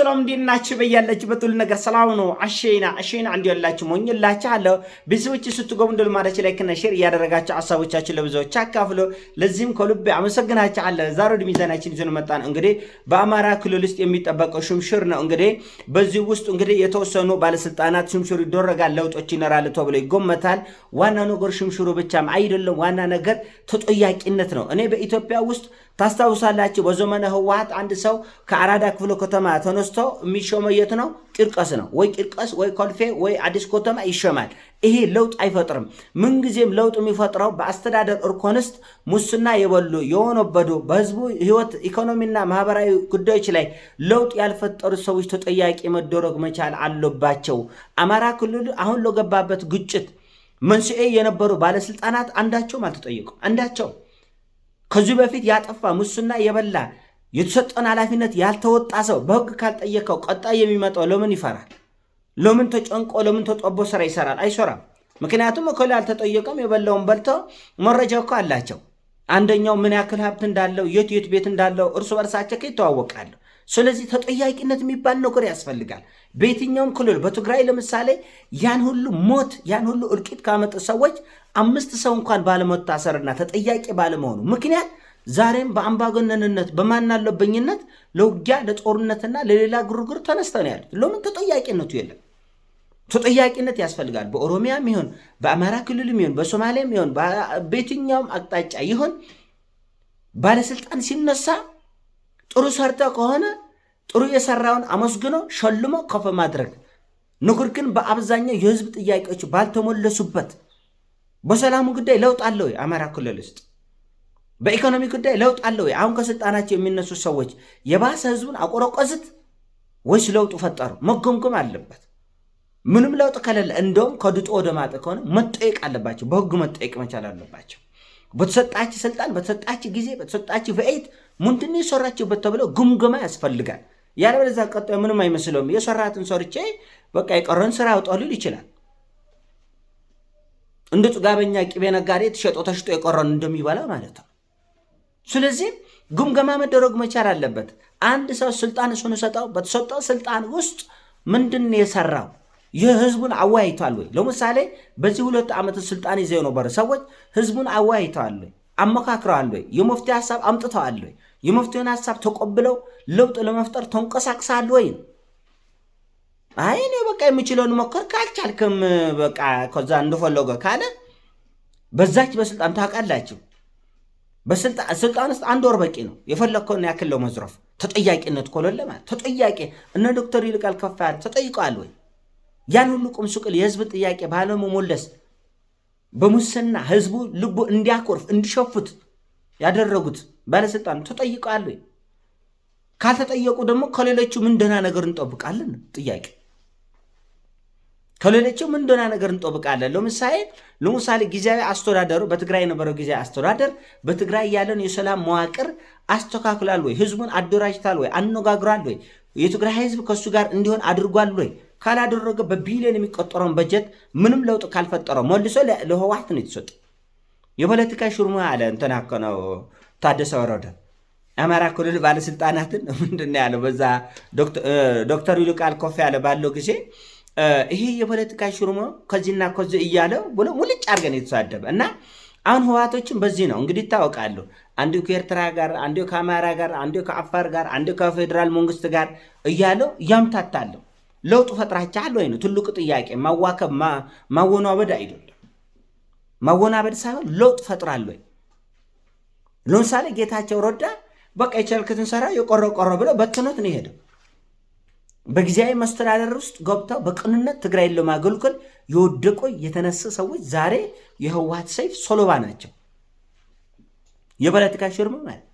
ሰላም እንዴት ናችሁ? በያላችሁበት ሁሉ ነገር ሰላም ነው። አሸይና አሸይና ያላችሁ ሞኝላችሁ አለ ቤተሰቦች ስትገቡ እንደል ማለት ላይክ እና ሼር እያደረጋችሁ ሀሳቦቻችሁ ለብዙዎች አካፍሎ ለዚህም ከልቤ አመሰግናችሁ አለ። ዛሬ ወደ ሚዛናችን ይዘን መጣን። እንግዲህ በአማራ ክልል ውስጥ የሚጠበቀው ሹምሽር ነው። እንግዲህ በዚህ ውስጥ እንግዲህ የተወሰኑ ባለስልጣናት ሹምሽር ይደረጋል፣ ለውጦች ይኖራሉ ተብሎ ይጎመታል። ዋና ነገር ሹምሽሩ ብቻም አይደለም፣ ዋና ነገር ተጠያቂነት ነው። እኔ በኢትዮጵያ ውስጥ ታስታውሳላችሁ፣ በዘመነ ህወሓት አንድ ሰው ከአራዳ ክፍለ ከተማ ተነስ ተነስቶ የሚሾመው የት ነው? ቂርቆስ ነው። ወይ ቂርቆስ ወይ ኮልፌ ወይ አዲስ ከተማ ይሾማል። ይሄ ለውጥ አይፈጥርም። ምንጊዜም ለውጥ የሚፈጥረው በአስተዳደር እርኮንስት ሙስና የበሉ የወነበዱ፣ በህዝቡ ህይወት ኢኮኖሚና ማህበራዊ ጉዳዮች ላይ ለውጥ ያልፈጠሩ ሰዎች ተጠያቂ መደረግ መቻል አለባቸው። አማራ ክልል አሁን ለገባበት ግጭት መንስኤ የነበሩ ባለስልጣናት አንዳቸውም አልተጠየቁም። አንዳቸው ከዚህ በፊት ያጠፋ ሙስና የበላ የተሰጠን ኃላፊነት ያልተወጣ ሰው በህግ ካልጠየቀው ቀጣይ የሚመጣው ለምን ይፈራል? ለምን ተጨንቆ ለምን ተጦቦ ስራ ይሰራል? አይሰራም። ምክንያቱም እኮላ አልተጠየቀም። የበላውን በልቶ መረጃ እኮ አላቸው። አንደኛው ምን ያክል ሀብት እንዳለው፣ የት የት ቤት እንዳለው እርስ በርሳቸው ይተዋወቃሉ። ስለዚህ ተጠያቂነት የሚባል ነገር ያስፈልጋል። በየትኛውም ክልል በትግራይ ለምሳሌ ያን ሁሉ ሞት ያን ሁሉ እልቂት ካመጡ ሰዎች አምስት ሰው እንኳን ባለመታሰርና ተጠያቂ ባለመሆኑ ምክንያት ዛሬም በአምባገነንነት በማናለበኝነት ለውጊያ ለጦርነትና ለሌላ ግርግር ተነስተን ያለ ለምን ተጠያቂነቱ የለም? ተጠያቂነት ያስፈልጋል። በኦሮሚያም ይሆን በአማራ ክልልም ሆን በሶማሌም ይሆን በየትኛውም አቅጣጫ ይሆን ባለስልጣን ሲነሳ ጥሩ ሰርተ ከሆነ ጥሩ የሰራውን አመስግኖ ሸልሞ ከፍ ማድረግ። ነገር ግን በአብዛኛው የህዝብ ጥያቄዎች ባልተሞለሱበት በሰላሙ ጉዳይ ለውጥ አለው አማራ ክልል ውስጥ? በኢኮኖሚ ጉዳይ ለውጥ አለ ወይ? አሁን ከስልጣናቸው የሚነሱት ሰዎች የባሰ ህዝቡን አቆረቆዝት ወይስ ለውጡ ፈጠሩ? መገምገም አለበት። ምንም ለውጥ ከሌለ እንደውም ከድጦ ወደ ማጠ ከሆነ መጠየቅ አለባቸው። በህግ መጠየቅ መቻል አለባቸው። በተሰጣች ስልጣን፣ በተሰጣች ጊዜ፣ በተሰጣች በኤት ምንድን የሰራችሁበት ተብለው ግምገማ ያስፈልጋል። ያለበለዚያ ቀጣዩ ምንም አይመስለውም። የሰራትን ሰርቼ በቃ የቀረን ስራ አውጣው ሊል ይችላል። እንደ ጥጋበኛ ቅቤ ነጋዴ ተሸጦ ተሽጦ የቀረን እንደሚበላ ማለት ነው። ስለዚህ ግምገማ መደረግ መቻል አለበት። አንድ ሰው ስልጣን እሱን ሰጠው፣ በተሰጠው ስልጣን ውስጥ ምንድን የሰራው የህዝቡን አወያይተዋል ወይ? ለምሳሌ በዚህ ሁለት ዓመት ስልጣን ይዘው ነበር። ሰዎች ህዝቡን አወያይተዋል ወይ? አመካክረዋል ወይ? የመፍትሄ ሀሳብ አምጥተዋል ወይ? የመፍትሄን ሀሳብ ተቆብለው ለውጥ ለመፍጠር ተንቀሳቅሳል ወይ? አይ እኔ በቃ የምችለውን ሞክር፣ ካልቻልክም በቃ ከዛ እንደፈለገ ካለ በዛች በስልጣን ታውቃላችሁ በስልጣን ውስጥ አንድ ወር በቂ ነው። የፈለግከውን ያክል ለመዝረፍ ተጠያቂነት ኮለለ ማለት ተጠያቂ እነ ዶክተር ይልቃል ከፋለ ተጠይቀዋል ወይ? ያን ሁሉ ቁም ስቅል የህዝብ ጥያቄ ባለመሞለስ በሙስና ህዝቡ ልቡ እንዲያኮርፍ እንዲሸፉት ያደረጉት ባለስልጣን ተጠይቀዋል ወይ? ካልተጠየቁ ደግሞ ከሌሎቹ ምን ደህና ነገር እንጠብቃለን? ጥያቄ ከሌሎችም ምን እንደሆነ ነገር እንጠብቃለን። ለምሳሌ ለምሳሌ ጊዜያዊ አስተዳደሩ በትግራይ የነበረው ጊዜያዊ አስተዳደር በትግራይ ያለውን የሰላም መዋቅር አስተካክሏል ወይ? ህዝቡን አደራጅታል ወይ? አነጋግሯል ወይ? የትግራይ ህዝብ ከእሱ ጋር እንዲሆን አድርጓል ወይ? ካላደረገ በቢሊዮን የሚቆጠረውን በጀት ምንም ለውጥ ካልፈጠረው መልሶ ለህወሓት ነው የተሰጠ። የፖለቲካ ሹርሙ አለ እንትና ነው ታደሰ ወረደ አማራ ክልል ባለስልጣናትን ምንድን ያለው በዛ ዶክተር ይልቃል ኮፍ ያለ ባለው ጊዜ ይሄ የፖለቲካ ነው ከዚህና ከዚ እያለ ብሎ ሙልጭ አድርገን የተሳደበ እና አሁን ህወሓቶችን በዚህ ነው እንግዲህ ይታወቃሉ። አንዱ ከኤርትራ ጋር፣ አንዱ ከአማራ ጋር፣ አንዱ ከአፋር ጋር፣ አንዱ ከፌዴራል መንግስት ጋር እያለው ያምታታለሁ። ለውጡ ፈጥራችኋል ወይ ነው ትልቁ ጥያቄ። ማዋከብ ማወናበድ አይደለም። ማወናበድ ሳይሆን ለውጥ ፈጥራል ወይ። ለምሳሌ ጌታቸው ረዳ በቃ የቻልክትን ሰራ የቆረቆረ ብሎ በትኖት ነው የሄደው። በጊዜያዊ መስተዳደር ውስጥ ገብተው በቅንነት ትግራይን ለማገልገል የወደቁ የተነሱ ሰዎች ዛሬ የህወሓት ሰይፍ ሰለባ ናቸው። የፖለቲካ ሽርሙ ማለት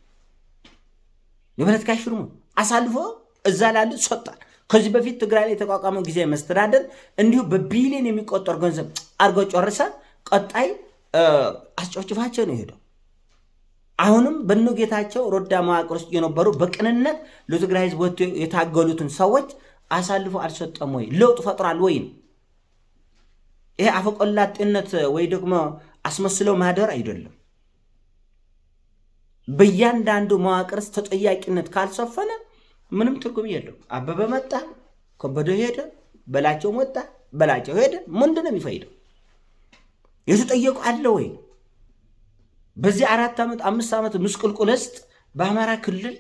የፖለቲካ ሽርሙ አሳልፎ እዛ ላሉት ሰጥቷል። ከዚህ በፊት ትግራይ ላይ የተቋቋመው ጊዜያዊ መስተዳደር እንዲሁ በቢሊዮን የሚቆጠር ገንዘብ አድርጎ ጨርሰ፣ ቀጣይ አስጨፍጭፋቸው ነው የሄደው። አሁንም በእነ ጌታቸው ሮዳ መዋቅር ውስጥ የነበሩ በቅንነት ለትግራይ ህዝብ ወጥቶ የታገሉትን ሰዎች አሳልፎ አልሰጠም ወይ? ለውጥ ፈጥሯል ወይ? ይሄ አፈቆላጤነት ወይ ደግሞ አስመስለው ማደር አይደለም። በእያንዳንዱ መዋቅርስ ተጠያቂነት ካልሰፈነ ምንም ትርጉም የለው። አበበ መጣ፣ ከበደ ሄደ፣ በላቸው መጣ፣ በላቸው ሄደ። ምንድን ነው የሚፈይደው? የተጠየቁ አለ ወይ? በዚህ አራት ዓመት አምስት ዓመት ምስቅልቁል ውስጥ በአማራ ክልል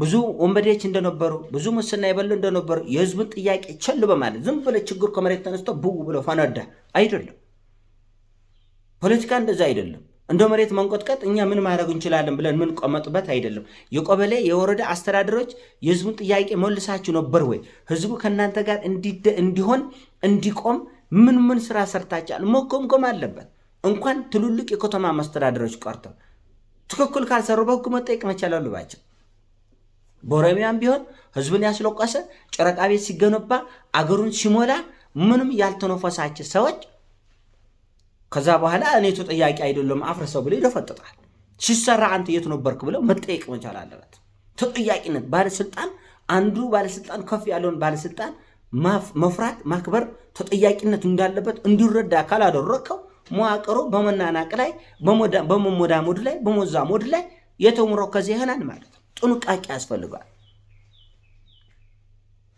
ብዙ ወንበዴዎች እንደነበሩ ብዙ ሙስና የበሉ እንደነበሩ የህዝቡን ጥያቄ ቸል በማለት ዝም ብለ ችግር ከመሬት ተነስቶ ብው ብሎ ፈነዳ አይደለም። ፖለቲካ እንደዛ አይደለም። እንደ መሬት መንቆጥቀጥ እኛ ምን ማድረግ እንችላለን ብለን ቆመጥበት አይደለም። የቀበሌ የወረዳ አስተዳደሮች የህዝቡን ጥያቄ መልሳችሁ ነበር ወይ? ህዝቡ ከእናንተ ጋር እንዲሆን እንዲቆም ምን ምን ስራ ሰርታችኋል? መጎምጎም አለበት። እንኳን ትልልቅ የከተማ መስተዳደሮች ቀርተው ትክክል ካልሰሩ በህግ መጠየቅ መቻል አለባቸው። በኦሮሚያም ቢሆን ህዝቡን ያስለቀሰ ጨረቃ ቤት ሲገነባ አገሩን ሲሞላ ምንም ያልተነፈሳቸው ሰዎች ከዛ በኋላ እኔ ተጠያቂ አይደለም አፍርሰው ብሎ ይደፈጥጣል። ሲሰራ አንተ የት ነበርክ ብለው መጠየቅ መቻል አለበት። ተጠያቂነት ባለስልጣን አንዱ ባለስልጣን ከፍ ያለውን ባለስልጣን መፍራት ማክበር ተጠያቂነት እንዳለበት እንዲረዳ ካላደረከው መዋቅሩ በመናናቅ ላይ በመሞዳሞድ ላይ ሞድ ላይ ከዚህ ይሆናል ማለት ጥንቃቄ ያስፈልገዋል።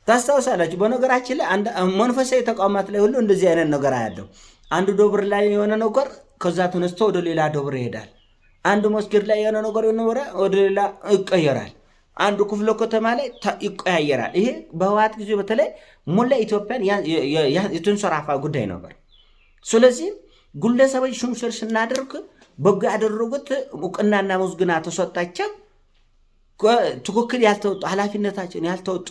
ታስታውሳላችሁ። በነገራችን ላይ መንፈሳዊ ተቋማት ላይ ሁሉ እንደዚህ አይነት ነገር አያለው። አንዱ ደብር ላይ የሆነ ነገር ከዛ ተነስቶ ወደ ሌላ ደብር ይሄዳል። አንዱ መስጊድ ላይ የሆነ ነገር ኖረ ወደ ሌላ ይቀየራል። አንዱ ክፍለ ከተማ ላይ ይቀያየራል። ይሄ በህወሓት ጊዜ በተለይ ሙላ ኢትዮጵያን የተንሰራፋ ጉዳይ ነበር። ስለዚህም ግለሰቦች ሽምሽር ስናደርግ በጎ ያደረጉት እውቅናና ሙዝግና ። ተሰጣቸው። ትክክል ያልተወጡ ኃላፊነታቸውን ያልተወጡ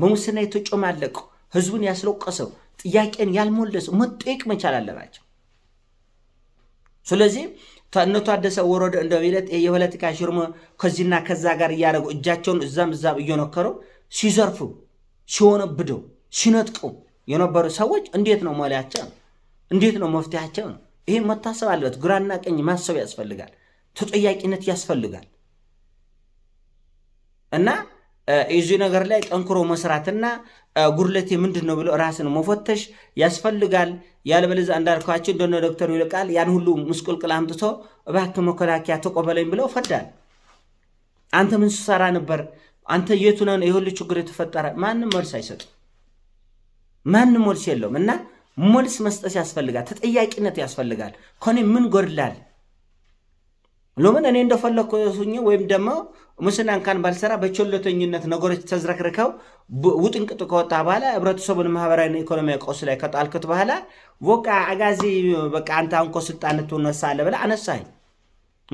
በሙስና የተጮማለቁ ህዝቡን ያስለቀሰው ጥያቄን ያልሞለሰ መጠየቅ መቻል አለባቸው። ስለዚህ እነ ታደሰ ወረደ እንደሚለት የፖለቲካ ሽርሞ ከዚህና ከዛ ጋር እያደረጉ እጃቸውን እዛም እዛም እየነከረው ሲዘርፉ፣ ሲወነብደው፣ ሲነጥቁ የነበሩ ሰዎች እንዴት ነው መለያቸው? እንዴት ነው መፍትያቸው ነው ይህ መታሰብ አለበት። ግራና ቀኝ ማሰብ ያስፈልጋል። ተጠያቂነት ያስፈልጋል። እና እዚህ ነገር ላይ ጠንክሮ መስራትና ጉድለቴ ምንድን ነው ብሎ ራስን መፈተሽ ያስፈልጋል። ያልበለዛ እንዳልኳቸው እንደነ ዶክተር ይልቃል ያን ሁሉ ምስቁልቅል አምጥቶ እባክህ መከላከያ ተቆበለኝ ብለው ፈዳል። አንተ ምን ስትሰራ ነበር? አንተ የቱነን የሁሉ ችግር የተፈጠረ? ማንም መልስ አይሰጥም። ማንም መልስ የለውም እና መልስ መስጠት ያስፈልጋል። ተጠያቂነት ያስፈልጋል። ከኔ ምን ጎድላል ለምን እኔ እንደፈለግኩ ሱኝ ወይም ደግሞ ሙስናን ካን ባልሰራ በቸለተኝነት ነገሮች ተዝረክርከው ውጥንቅጡ ከወጣ በኋላ ህብረተሰቡን ማህበራዊ ኢኮኖሚያዊ ቀውስ ላይ ከጣልኩት በኋላ በቃ አጋዚ በቃ አንተ አንኮ ስልጣን ትነሳለህ ብለህ አነሳኝ።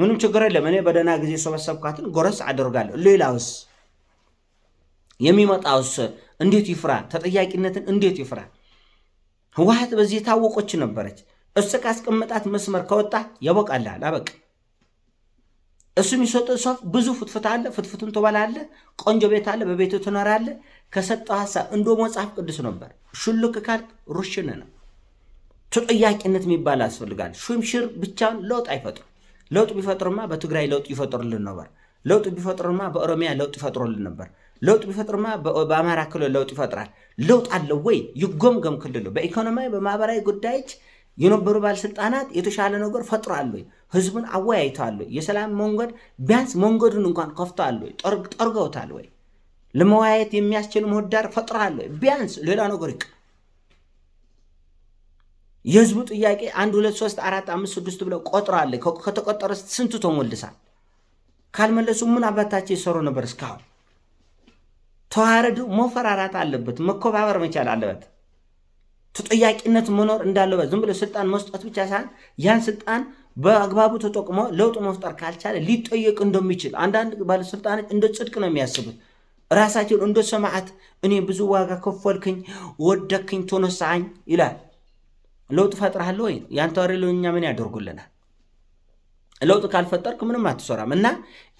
ምንም ችግር የለም። እኔ በደህና ጊዜ ሰበሰብኳትን ጎረስ አደርጋለሁ። ሌላውስ የሚመጣውስ እንዴት ይፍራ? ተጠያቂነትን እንዴት ይፍራ? ህወሓት በዚህ የታወቆች ነበረች። እሱ ካስቀመጣት መስመር ከወጣ ያበቃልሃል። አበቃ። እሱ የሚሰጠ ሰፍ ብዙ ፍትፍት አለ። ፍትፍቱን ትበላለ። ቆንጆ ቤት አለ። በቤቱ ትኖራለ። ከሰጠው ሀሳብ እንዶ መጽሐፍ ቅዱስ ነበር። ሹልክ ካልክ ሩሽን ነው። ተጠያቂነት የሚባል ያስፈልጋል። ሹምሽር ብቻውን ለውጥ አይፈጥሩ። ለውጥ ቢፈጥርማ በትግራይ ለውጥ ይፈጥሩልን ነበር። ለውጥ ቢፈጥርማ በኦሮሚያ ለውጥ ይፈጥሩልን ነበር። ለውጥ ቢፈጥርማ በአማራ ክልል ለውጥ ይፈጥራል። ለውጥ አለው ወይ? ይጎምገም ክልሉ በኢኮኖሚያዊ በማህበራዊ ጉዳዮች የነበሩ ባለስልጣናት የተሻለ ነገር ፈጥሯል ወይ? ህዝቡን አወያይተዋል ወይ? የሰላም መንገድ ቢያንስ መንገዱን እንኳን ከፍተዋል ወይ? ጠርገውታል ወይ? ለመወያየት የሚያስችል ምህዳር ፈጥሯል ወይ? ቢያንስ ሌላ ነገር ይቅ የህዝቡ ጥያቄ አንድ ሁለት ሶስት አራት አምስት ስድስት ብለው ቆጥሯል። ከተቆጠረ ስንቱ ተሞልሳል? ካልመለሱ ምን አባታቸው የሰሩ ነበር? እስካሁን ተዋረዱ መፈራራት አለበት፣ መከባበር መቻል አለበት። ተጠያቂነት መኖር እንዳለ ዝም ብሎ ስልጣን መስጠት ብቻ ሳይሆን ያን ስልጣን በአግባቡ ተጠቅሞ ለውጥ መፍጠር ካልቻለ ሊጠየቅ እንደሚችል አንዳንድ ባለስልጣኖች እንደ ጽድቅ ነው የሚያስቡት። ራሳቸውን እንደ ሰማዕት እኔ ብዙ ዋጋ ከፈልክኝ፣ ወደክኝ፣ ተነሳኝ ይላል። ለውጥ ፈጥረሃል ወይ? ያንተ ወሬ ለኛ ምን ያደርጉልናል? ለውጥ ካልፈጠርክ ምንም አትሰራም። እና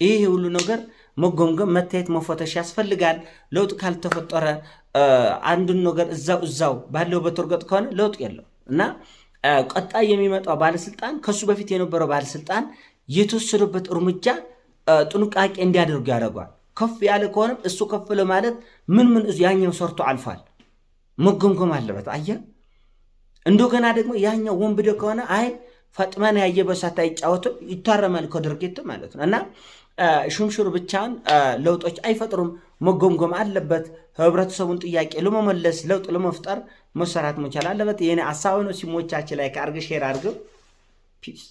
ይህ ሁሉ ነገር መጎምገም፣ መታየት፣ መፈተሽ ያስፈልጋል። ለውጥ ካልተፈጠረ አንዱን ነገር እዛው እዛው ባለው በተርገጥ ከሆነ ለውጥ የለው እና ቀጣይ የሚመጣው ባለስልጣን ከሱ በፊት የነበረው ባለስልጣን የተወሰደበት እርምጃ ጥንቃቄ እንዲያደርጉ ያደርገዋል። ከፍ ያለ ከሆነም እሱ ከፍ ለማለት ምን ምን ያኛው ሰርቶ አልፏል መገምገም አለበት። አየ እንደገና ደግሞ ያኛው ወንብደ ከሆነ አይ ፈጥመን ያየ በሳት አይጫወትም ይታረማል ከድርጊት ማለት ነው እና ሹምሹር ብቻን ለውጦች አይፈጥሩም። መጎምጎም አለበት። ህብረተሰቡን ጥያቄ ለመመለስ ለውጥ ለመፍጠር መሰራት መቻል አለበት። የኔ ሀሳብ ነው። ሲሞቻችን ላይ ከአርግ ሼር አድርገው ፒስ